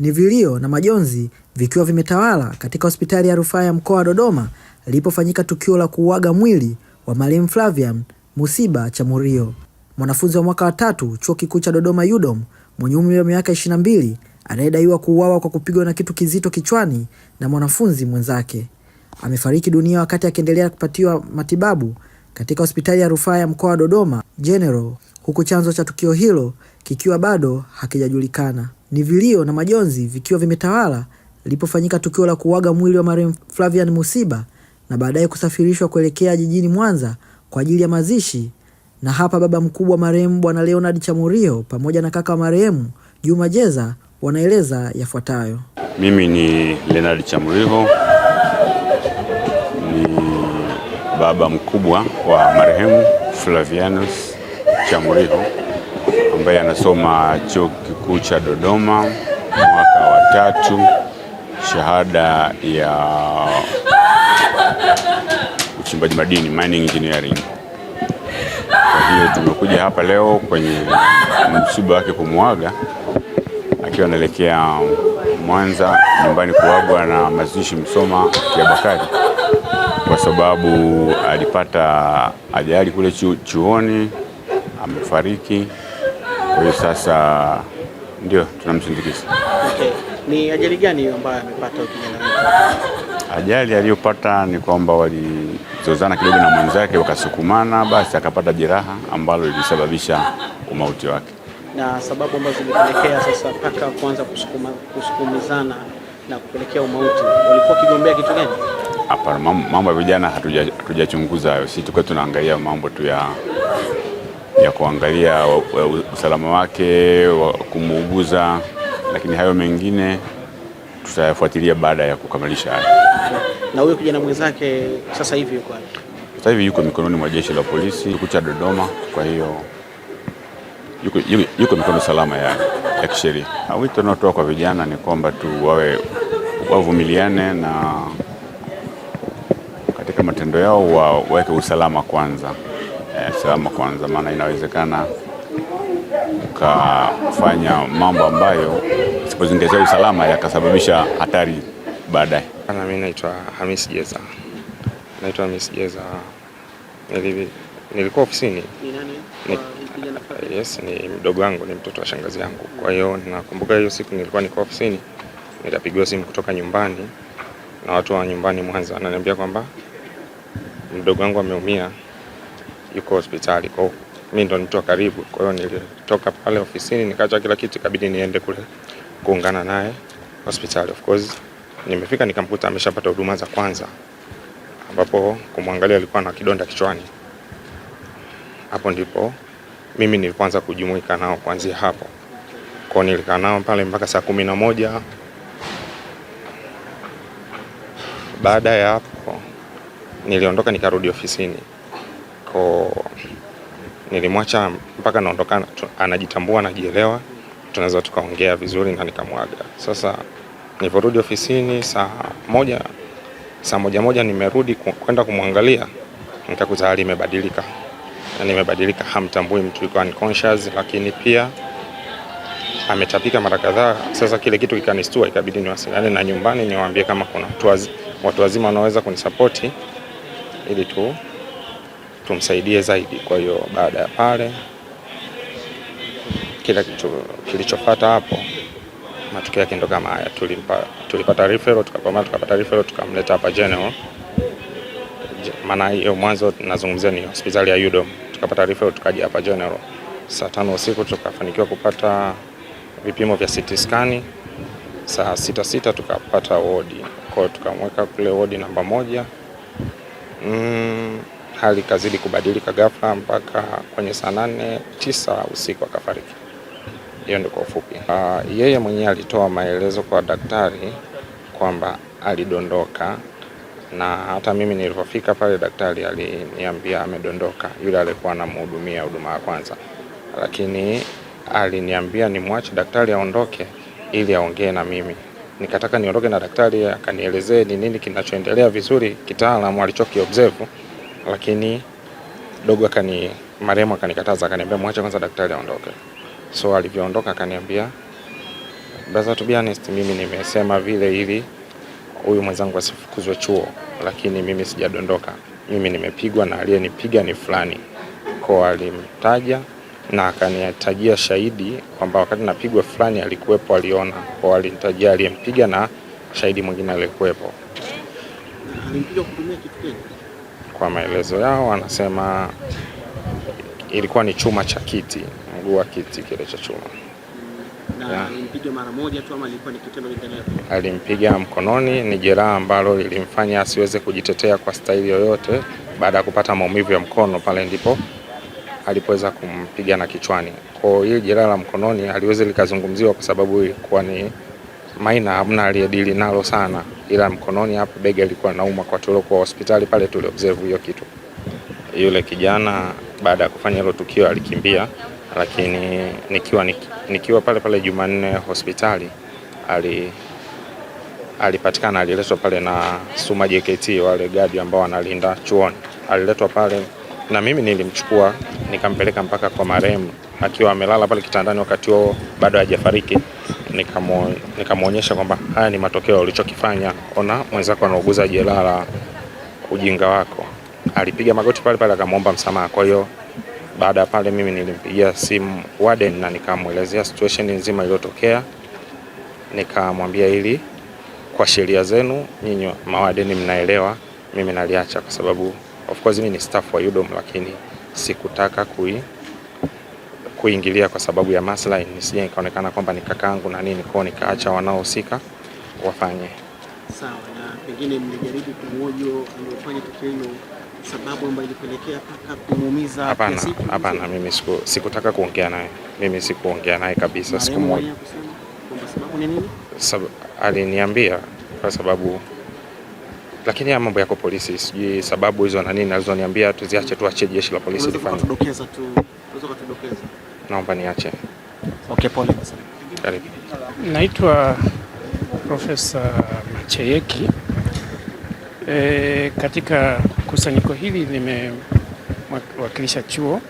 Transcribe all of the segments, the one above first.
ni vilio na majonzi vikiwa vimetawala katika hospitali ya rufaa ya mkoa wa Dodoma lilipofanyika tukio la kuuaga mwili wa Mwalimu Flavian Musiba chamurio mwanafunzi wa mwaka wa tatu chuo kikuu cha Dodoma UDOM mwenye umri wa miaka 22 anayedaiwa kuuawa kwa kupigwa na kitu kizito kichwani na mwanafunzi mwenzake. Amefariki dunia wakati akiendelea kupatiwa matibabu katika hospitali ya rufaa ya mkoa wa Dodoma General, huku chanzo cha tukio hilo kikiwa bado hakijajulikana. Ni vilio na majonzi vikiwa vimetawala lilipofanyika tukio la kuwaga mwili wa marehemu Flavian Musiba na baadaye kusafirishwa kuelekea jijini Mwanza kwa ajili ya mazishi. Na hapa baba mkubwa wa marehemu Bwana Leonard Chamurio pamoja na kaka wa marehemu Juma Jeza wanaeleza yafuatayo. Mimi ni Leonard Chamurio baba mkubwa wa marehemu Flavianus Chamuriho ambaye anasoma chuo kikuu cha Dodoma mwaka wa tatu, shahada ya uchimbaji madini, mining engineering. Kwa hiyo tumekuja hapa leo kwenye msiba wake kumwaga akiwa anaelekea Mwanza nyumbani kuagwa na mazishi Msoma ya Bakari kwa sababu alipata ajali kule chu, chuoni amefariki. Kwa hiyo sasa ndio tunamsindikiza. Okay. Ni ajali gani hiyo ambayo amepata kijana wetu? Ajali aliyopata ni kwamba walizozana kidogo na mwenzake wakasukumana, basi akapata jeraha ambalo lilisababisha umauti wake na sababu ambazo zilipelekea sasa mpaka kuanza kusukumizana na kupelekea umauti. Walikuwa wakigombea kitu gani? Hapana, mambo ya vijana hatujachunguza hayo. Sisi tulikuwa tunaangalia mambo tu ya ya kuangalia usalama wake wa kumuuguza, lakini hayo mengine tutayafuatilia baada ya kukamilisha haya. Na huyo kijana mwenzake sasa hivi yuko wapi? Sasa hivi yuko mikononi mwa jeshi la polisi kucha Dodoma, kwa hiyo yuko, yuko, yuko mikono salama ya, ya kisheria. Wito unaotoa kwa vijana ni kwamba tu wawe wavumiliane na katika matendo yao waweke usalama kwanza, usalama eh, kwanza, maana inawezekana ukafanya mambo ambayo usipozingezea usalama yakasababisha hatari baadaye. Mimi naitwa Hamis Jeza, naitwa Hamis Jeza, nilikuwa ofisini ni, uh, yes, ni mdogo wangu, ni mtoto wa shangazi yangu. Kwa hiyo nakumbuka hiyo siku nilikuwa niko ofisini, nikapigiwa simu kutoka nyumbani na watu wa nyumbani Mwanza, ananiambia kwamba mdogo wangu ameumia, yuko hospitali, kwa hiyo mimi ndo mtu wa karibu. Kwa hiyo nilitoka pale ofisini nikaacha kila kitu, ikabidi niende kule kuungana naye hospitali. Of course nimefika nikamkuta ameshapata huduma za kwanza, ambapo kumwangalia alikuwa na kidonda kichwani. Hapo ndipo mimi nilipoanza kujumuika nao kuanzia hapo. Kwa nilikaa nao pale mpaka saa kumi na moja. Baada ya hapo niliondoka nikarudi ofisini ko nilimwacha mpaka naondoka, anajitambua anajielewa, tunaweza tukaongea vizuri na nikamwaga. Sasa niliporudi ofisini saa moja saa moja moja nimerudi kwenda kumwangalia, nikakuta hali imebadilika, yani imebadilika, hamtambui mtu, yuko unconscious, lakini pia ametapika mara kadhaa. Sasa kile kitu kikanistua, ikabidi niwasiliane na nyumbani niwaambie kama kuna watu wazima wanaweza kunisapoti ili tu tumsaidie zaidi. Kwa hiyo baada ya pale, kila kitu kilichofuata hapo, matokeo yake ndo kama haya, tulimpa tulipata referral, tukapambana, tukapata referral, tukamleta hapa general. Maana hiyo mwanzo nazungumzia ni hospitali ya UDOM, tukapata referral, tukaja hapa general saa tano usiku tukafanikiwa kupata vipimo vya CT scan saa sita sita tukapata wodi kwao, tukamweka kule wodi namba moja mm, hali ikazidi kubadilika ghafla mpaka kwenye saa nane tisa usiku akafariki. Hiyo ndio kwa ufupi. Uh, yeye mwenyewe alitoa maelezo kwa daktari kwamba alidondoka na hata mimi nilipofika pale daktari aliniambia amedondoka, yule alikuwa anamhudumia huduma ya kwanza, lakini aliniambia nimwache daktari aondoke ili aongee na mimi nikataka niondoke na daktari akanielezee ni nini kinachoendelea vizuri kitaalamu alichoki observe, lakini dogo akani marehemu akanikataza, akaniambia mwache kwanza daktari aondoke. So alivyoondoka akaniambia, brother, to be honest, mimi nimesema vile ili huyu mwenzangu asifukuzwe chuo, lakini mimi sijadondoka, mimi nimepigwa na aliyenipiga ni fulani. Kwa alimtaja na akanitajia shahidi kwamba wakati napigwa fulani alikuwepo, aliona. Kwa alinitajia aliyempiga na shahidi mwingine alikuwepo. Kwa maelezo yao anasema ilikuwa ni chuma cha kiti, mguu wa kiti, kile cha chuma Alimpiga mkononi, ni jeraha ambalo lilimfanya asiweze kujitetea kwa staili yoyote. Baada ya kupata maumivu ya mkono pale ndipo alipoweza kumpiga na kichwani. Kwa hiyo jeraha la mkononi aliweza likazungumziwa kwa sababu ilikuwa ni maina, hamna aliyedili nalo sana, ila mkononi hapo bega ilikuwa nauma. Kwa tuliokuwa hospitali pale tuli observe hiyo kitu. Yule kijana baada ya kufanya hilo tukio alikimbia, lakini nikiwa, nikiwa pale pale Jumanne hospitali ali alipatikana aliletwa pale na Suma JKT wale gadi ambao wanalinda chuoni, aliletwa pale na mimi nilimchukua nikampeleka mpaka kwa marehemu akiwa amelala pale kitandani, wakati huo bado hajafariki. Nikamwonyesha kwamba haya ni matokeo ulichokifanya, ona mwenzako anauguza jeraha la ujinga wako. Alipiga magoti pale pale akamwomba msamaha. Kwa hiyo baada ya pale, mimi nilimpigia simu warden na nikamwelezea situation nzima iliyotokea, nikamwambia ili kwa sheria zenu nyinyi mawadeni mnaelewa, mimi naliacha kwa sababu Of course mimi ni staff wa UDOM, lakini sikutaka kui, kuingilia kwa sababu ya maslahi, nisije nikaonekana kwamba ni kakaangu na nini, kwao nikaacha wanaohusika wafanye. Sawa, na pengine mlijaribu kumwojo aliyofanya tukio hilo sababu ambayo ilipelekea paka kumuumiza? Hapana, hapana, mimi siku, sikutaka kuongea naye, mimi sikuongea naye kabisa, sikumwoja. Sababu aliniambia kwa sababu lakini ya mambo yako polisi, sijui sababu hizo na nini alizoniambia tuziache, tuache jeshi la polisi lifanye. Naomba niache. Okay, pole Karibu. Naitwa Profesa Macheyeki. E, katika kusanyiko hili nimewakilisha chuo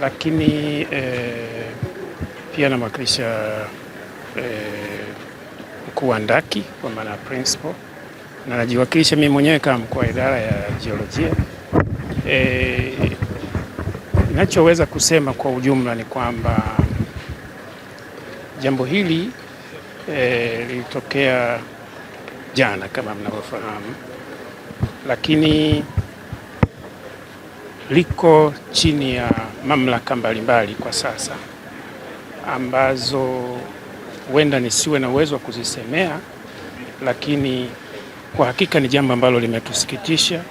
lakini e, pia namwakilisha e, mkuu wa ndaki kwa maana ya principal na najiwakilisha mimi mwenyewe kama mkuu wa idara ya jiolojia. E, nachoweza kusema kwa ujumla ni kwamba jambo hili e, lilitokea jana kama mnavyofahamu, lakini liko chini ya mamlaka mbalimbali kwa sasa ambazo huenda nisiwe na uwezo wa kuzisemea, lakini kwa hakika ni jambo ambalo limetusikitisha,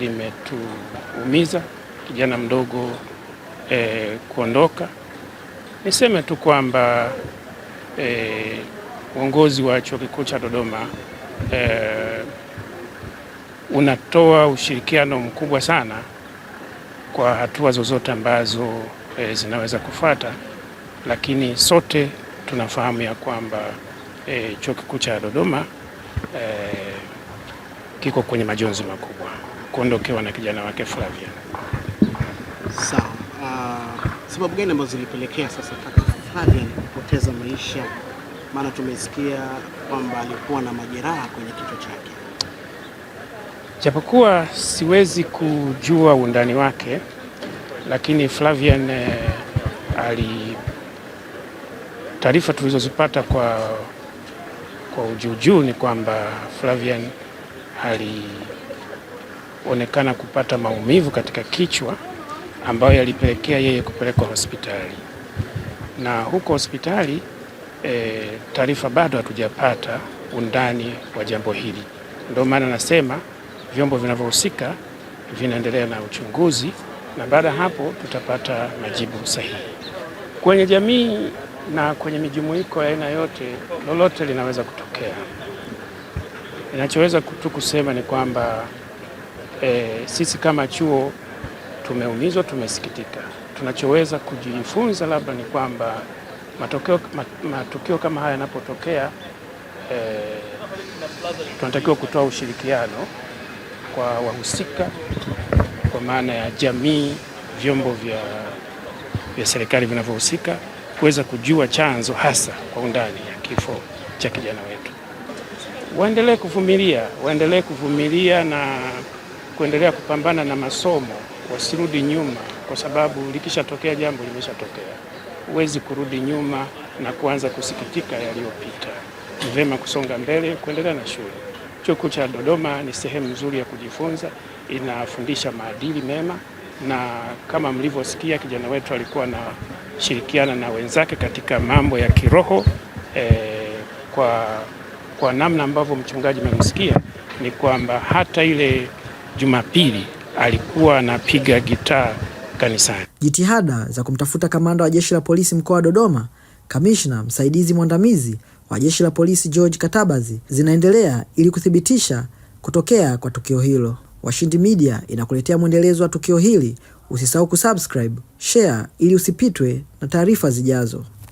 limetuumiza, kijana mdogo e, kuondoka. Niseme tu kwamba e, uongozi wa Chuo Kikuu cha Dodoma e, unatoa ushirikiano mkubwa sana kwa hatua zozote ambazo e, zinaweza kufata, lakini sote tunafahamu ya kwamba e, Chuo Kikuu cha Dodoma e, kiko kwenye majonzi makubwa kuondokewa na kijana wake Flavia. Sawa. Uh, sababu gani ambazo zilipelekea sasa kaka Flavia kupoteza maisha? Maana tumesikia kwamba alikuwa na majeraha kwenye kichwa chake. Japokuwa siwezi kujua undani wake, lakini Flavian eh, ali taarifa tulizozipata kwa, kwa ujuujuu ni kwamba Flavian alionekana kupata maumivu katika kichwa ambayo yalipelekea yeye kupelekwa hospitali, na huko hospitali e, taarifa bado hatujapata undani wa jambo hili. Ndio maana nasema vyombo vinavyohusika vinaendelea na uchunguzi na baada ya hapo tutapata majibu sahihi. Kwenye jamii na kwenye mijumuiko ya aina yote, lolote linaweza kutokea. Ninachoweza tu kusema ni kwamba e, sisi kama chuo tumeumizwa, tumesikitika. Tunachoweza kujifunza labda ni kwamba matokeo, matukio kama haya yanapotokea, e, tunatakiwa kutoa ushirikiano kwa wahusika, kwa maana ya jamii, vyombo vya, vya serikali vinavyohusika kuweza kujua chanzo hasa kwa undani ya kifo cha kijana wetu waendelee kuvumilia, waendelee kuvumilia na kuendelea kupambana na masomo, wasirudi nyuma, kwa sababu likishatokea jambo limeshatokea, huwezi kurudi nyuma na kuanza kusikitika yaliyopita. Ni vema kusonga mbele, kuendelea na shule. Chuo Kikuu cha Dodoma ni sehemu nzuri ya kujifunza, inafundisha maadili mema, na kama mlivyosikia, kijana wetu alikuwa anashirikiana na wenzake katika mambo ya kiroho eh, kwa kwa namna ambavyo mchungaji amemsikia ni kwamba hata ile Jumapili alikuwa anapiga gitaa kanisani. Jitihada za kumtafuta kamanda wa jeshi la polisi mkoa wa Dodoma, kamishna msaidizi mwandamizi wa jeshi la polisi George Katabazi zinaendelea ili kuthibitisha kutokea kwa tukio hilo. Washindi Media inakuletea mwendelezo wa tukio hili. Usisahau kusubscribe, share ili usipitwe na taarifa zijazo.